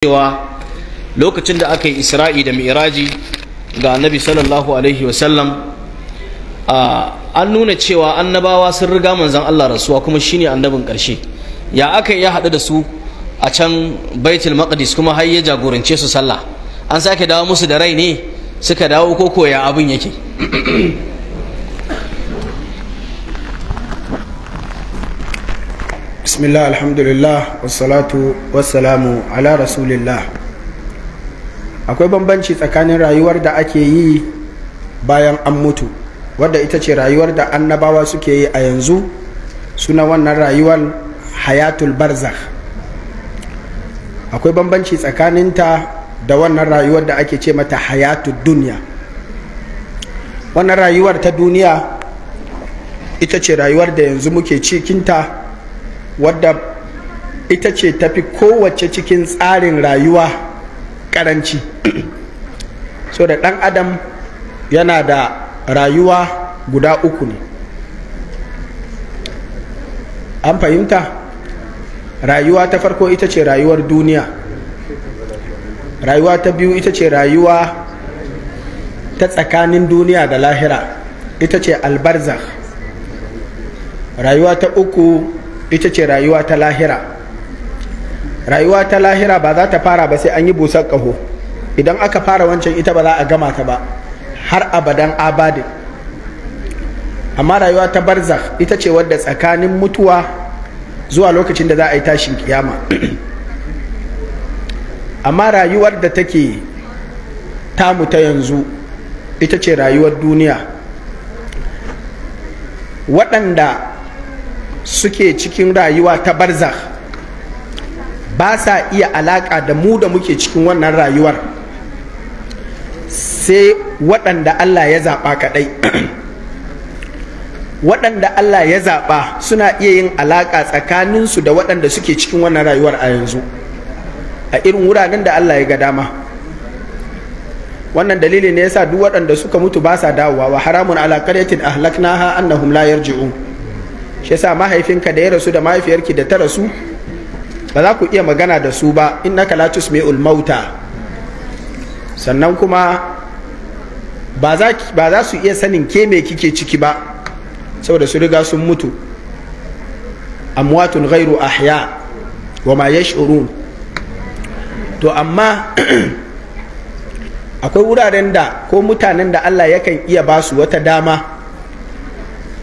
cewa lokacin da aka yi isra'i da mi'raji ga annabi sallallahu alaihi wasallam an nuna cewa annabawa sun riga manzan Allah rasuwa kuma shine annabin ƙarshe ya aka ya haɗu da su a can baitul maqdis kuma har ya jagorance su sallah an sake dawo musu da rai ne suka dawo ko koya abin yake bismillah alhamdulillah wassalatu wassalamu ala rasulillah akwai bambanci tsakanin rayuwar da ake yi bayan an mutu wadda ita ce rayuwar da annabawa suke yi a yanzu suna wannan rayuwar hayatul barzakh akwai bambanci tsakaninta da wannan rayuwar da ake ce mata hayatul duniya wannan rayuwar ta duniya ita ce rayuwar da yanzu muke cikinta wadda ita ce tafi kowace cikin tsarin rayuwa karanci so da dan adam yana da rayuwa guda uku ne an fahimta rayuwa ta farko ita ce rayuwar duniya rayuwa ta biyu ita ce rayuwa ta tsakanin duniya da lahira ita ce albarza, rayuwa ta uku ita ce rayuwa ta lahira rayuwa ta lahira ba za ta fara ba sai an yi busar ƙaho idan aka fara wancan ita ba za a gama ta ba har abadan abadin amma rayuwa ta barzakh ita ce wadda tsakanin mutuwa zuwa lokacin da za a yi tashin kiyama amma rayuwar da take tamu ta yanzu ita ce rayuwar duniya waɗanda suke cikin rayuwa ta barzakh ba sa iya alaka da mu da muke cikin wannan rayuwar sai waɗanda Allah ya zaɓa kaɗai waɗanda Allah ya zaɓa suna iya yin alaƙa tsakaninsu da waɗanda suke cikin wannan rayuwar a yanzu a irin wuraren da Allah ya ga dama wannan dalili ne yasa duk waɗanda suka mutu ba sa dawowa wa haramun ala qaryatin ahlaknaha annahum la yarji'un shi yasa mahaifinka da ya rasu da mahaifiyarki da ta rasu ba za ku iya magana da su ba innaka la tusmi'ul ulmauta sannan kuma ba za su iya sanin ke me kike ciki ba saboda su riga sun mutu amwatun ghairu ahya wa ma yash'urun to amma akwai wuraren da ko mutanen da Allah yakan iya ba su wata dama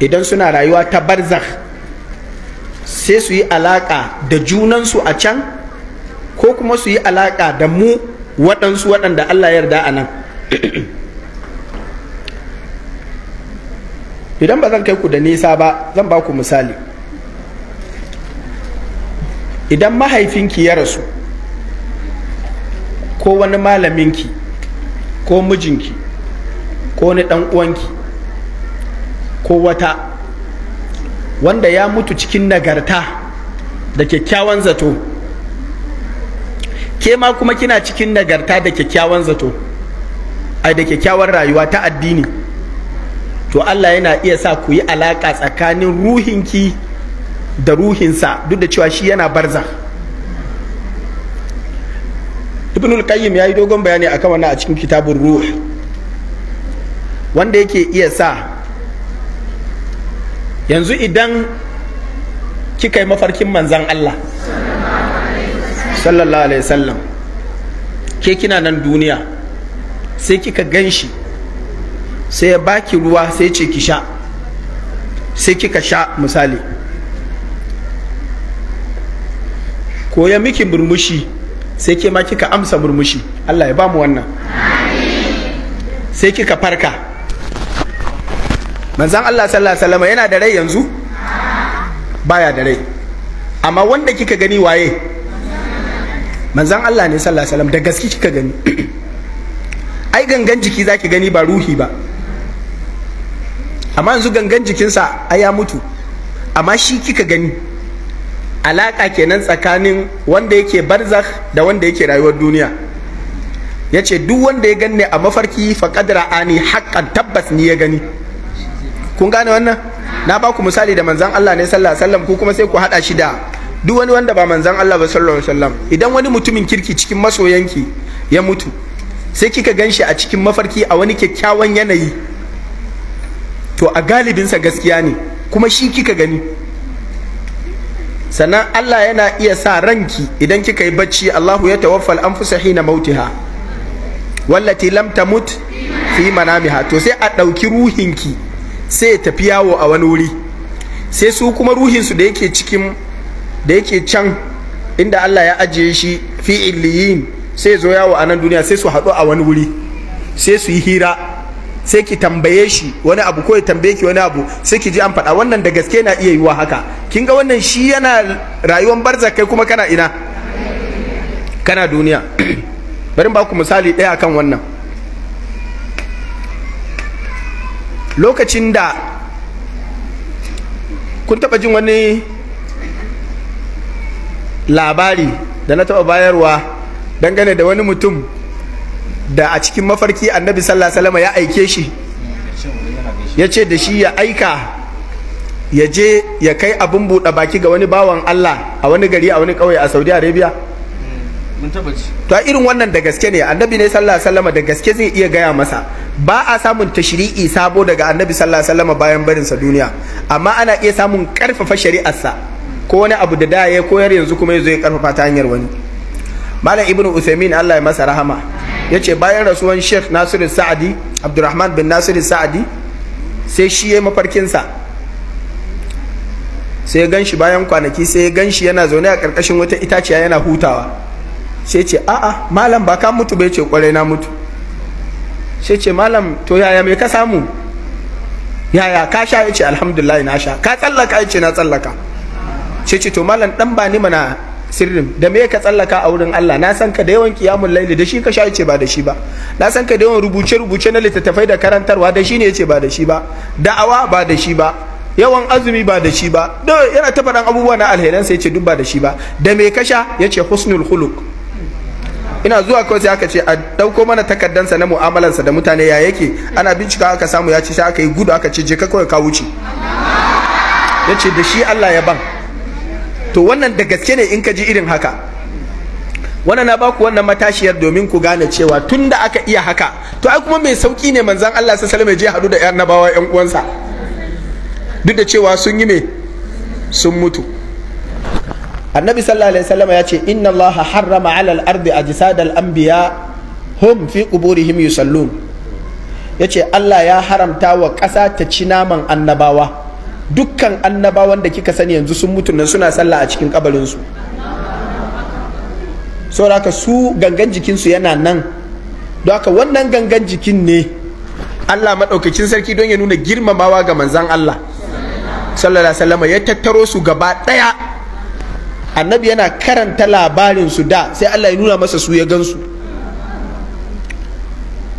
idan suna rayuwa ta barzak sai su yi alaƙa da junansu a can ko kuma su yi alaƙa da mu waɗansu waɗanda Allah yarda a nan idan ba zan kai ku da nisa ba zan ba ku misali idan mahaifinki ya rasu ko wani malaminki ko mijinki ko wani uwanki ko wata wanda ya mutu cikin nagarta da kyakkyawan zato ke ma kuma kina cikin nagarta da kyakkyawan zato a da kyakkyawan rayuwa ta addini to Allah yana iya sa ku yi alaƙa tsakanin ruhinki da ruhinsa duk da cewa shi yana barza ibnul qayyim ya yi dogon bayani akan wannan a cikin kitabun ruh wanda yake iya sa yanzu idan kika yi mafarkin manzan Allah sallallahu alaihi wasallam ke kina nan duniya sai kika gan shi sai ya baki ruwa sai ce ki sha sai kika sha misali ko ya miki murmushi sai ke ma kika amsa murmushi Allah ya ba mu wannan sai kika farka manzan Allah sallallahu alaihi wasallam yana da rai yanzu baya da rai amma wanda kika gani waye manzan Allah ne sallallahu alaihi wasallam da gaske kika gani ai gangan jiki zaki gani ba ruhi ba amma yanzu gangan jikinsa ai ya mutu amma shi kika gani alaka kenan tsakanin wanda yake barzakh da wanda yake rayuwar duniya ya ce duk wanda ya ganni a mafarki faƙad ani haƙƙan tabbas ni ya gani kun gane wannan na ba ku misali da manzan Allah ne sallallahu alaihi wasallam ku kuma sai ku hada shi da duk wani wanda ba manzan Allah ba sallallahu alaihi wasallam idan wani mutumin kirki cikin masoyanki ya mutu sai kika ganshi a cikin mafarki a wani kyakkyawan yanayi to a galibinsa gaskiya ne kuma shi kika gani sannan Allah yana iya sa ranki idan kika yi bacci Allahu ya tawaffal anfusa hina mautiha wallati lam tamut fi manamiha to sai a ɗauki ruhinki sai ya tafi yawo a wani wuri sai su kuma ruhinsu da yake cikin da yake can inda Allah ya ajiye shi fi illiyin sai zo yawo a nan duniya sai su haɗu a wani wuri sai su yi hira sai ki tambaye shi wani abu ko ya tambaye ki wani abu sai ki ji an faɗa wannan da gaske na iya yiwa haka kin ga wannan shi yana rayuwar barzakai kai kuma kana ina kana duniya bari ba ku misali ɗaya akan wannan lokacin da kun taɓa jin wani labari da na taɓa bayarwa dangane da wani mutum da a cikin mafarki annabi sallallahu ya aike shi ya ce da shi ya aika ya je ya kai abin buɗe baki ga wani bawan Allah a wani gari a wani ƙauye a saudi arabia to irin wannan da gaske ne annabi ne sallallahu alaihi da gaske zai iya gaya masa ba a samun tashri'i sabo daga annabi sallallahu alaihi wasallam bayan barin sa duniya amma ana iya samun karfafa shari'arsa ko wani abu da da ya koyar yanzu kuma yazo ya karfafa ta hanyar wani malam ibnu usaymin Allah ya masa rahama yace bayan rasuwan sheikh nasiru sa'adi abdurrahman bin nasiru sa'adi sai shi ya mafarkin sa sai ya ganshi bayan kwanaki sai ya ganshi yana zaune a karkashin wata itaciya yana hutawa sai ce a'a malam ba ka mutu ya ce kwarai na mutu sai ce malam to yaya me ka samu yaya ka sha yace alhamdulillah na sha ka tsallaka yace na tsallaka sai ce to malam dan ba ni mana sirrin da me ka tsallaka a wurin Allah na san ka da yawan kiyamul laili da shi ka sha yace ba da shi ba na san ka da yawan rubuce rubuce na littattafai da karantarwa da shi ne yace ba da shi ba da'awa ba da shi ba yawan azumi ba da shi ba yana ta faɗan abubuwa na alheran sai yace duk ba da shi ba da me ka sha yace husnul huluk. ina zuwa kawai sai aka ce a dauko mana takardansa na mu'amalansa da mutane ya yake ana bincika aka samu ya ci sai aka yi gudu aka ce je ka kawai ka wuce ya ce da shi Allah ya ban to wannan da gaske ne in ka ji irin haka wannan na baku wannan matashiyar domin ku gane cewa tun da aka iya haka to ai kuma mai sauki ne manzan Allah sai salama je haɗu da yan nabawa yan uwansa duk da cewa sun yi me sun mutu annabi sallallahu alaihi wasallam ya ce inna allaha harrama ala al-ardi al anbiya hum fi quburihim yusallun yace Allah ya haramta wa ƙasa ta ci naman annabawa dukkan annabawan da kika sani yanzu sun mutu nan suna sallah a cikin kabarin su saboda su gangan jikinsu yana nan don haka wannan gangan jikin ne Allah maɗaukacin sarki don ya nuna girmamawa ga manzan Allah sallallahu alaihi wasallam ya tattaro su gaba ɗaya annabi yana karanta labarin su da sai Allah ya nuna masa su ya gansu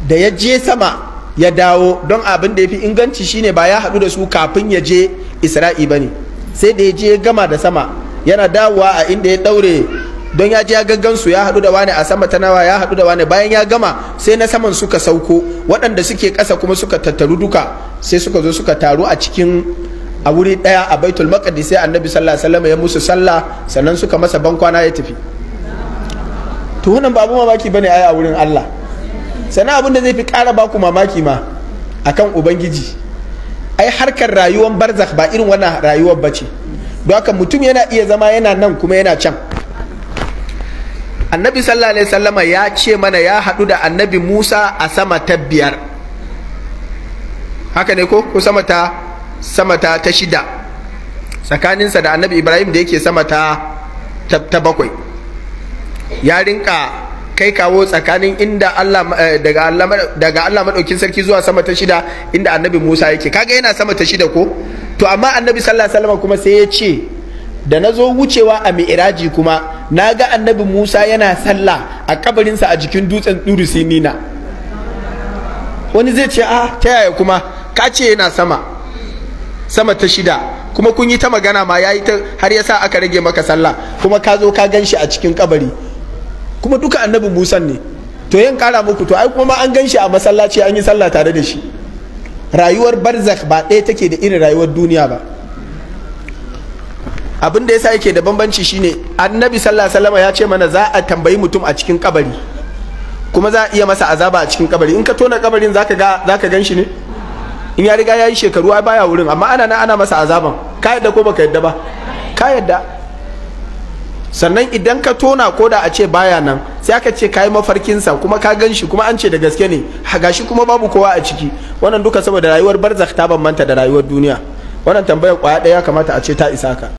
da ya je sama ya dawo don abin da ya fi inganci shine ba ya haɗu da su kafin ya je isra'i ba ne sai da ya je ya gama da sama yana dawowa a inda ya ɗaure don ya je ya su ya haɗu da wani a sama ta nawa ya haɗu da wani bayan ya gama sai na saman suka sauko waɗanda suke ƙasa kuma suka tattaru duka sai suka zo suka taru a cikin a wuri ɗaya a baitul maqdis sai annabi sallallahu alaihi wasallam ya musu sallah sannan suka masa bankwana ya tafi to wannan ba abu mamaki bane ai a wurin Allah sannan abin da zai fi ƙara ba ku mamaki ma akan ubangiji ai harkar rayuwar barzakh ba irin wannan rayuwar bace don haka mutum yana iya zama yana nan kuma yana can annabi sallallahu alaihi wasallam ya ce mana ya haɗu da annabi musa a sama ta biyar haka ne ko ko sama ta sama ta ta shida tsakaninsa da annabi ibrahim da yake sama ta bakwai ya rinka kai kawo tsakanin inda Allah eh, daga Allah maɗaukin sarki zuwa sama ta shida inda annabi Musa yake kaga yana sama ta shida ko to amma annabi sallallahu alaihi wasallam kuma sai ya ce da na zo wucewa a mi'iraji kuma na ga annabi Musa yana sallah a kabarinsa a jikin dutsen durusinina wani zai ce a ah, ta yaya kuma ka ce yana sama sama ta shida kuma kun yi ta magana ma ya yi ta har ya sa aka rage maka sallah kuma ka zo ka gan ganshi a cikin kabari kuma duka annabi busan ne to yin kara muku to ai kuma ma an shi a masallaci an yi sallah tare da shi rayuwar barzak ba ɗaya take da irin rayuwar duniya ba abin da yasa yake da bambanci shine annabi sallallahu alaihi wasallam ya ce mana za a tambayi mutum a cikin kabari kuma za a iya masa azaba a cikin kabari in ka tona kabarin zaka ga zaka ganshi ne in ya riga ya yi shekaru ai baya wurin amma ana nan ana masa azaban ka yadda ko baka yadda ba ka yadda sannan idan ka tona ko da a ce baya nan sai aka ce ka yi mafarkinsa kuma ka gan shi kuma an ce da gaske ne gashi kuma babu kowa a ciki wannan duka saboda rayuwar barzakh ta bambanta da rayuwar duniya wannan tambayar kwaya daya kamata a ce ta isa ka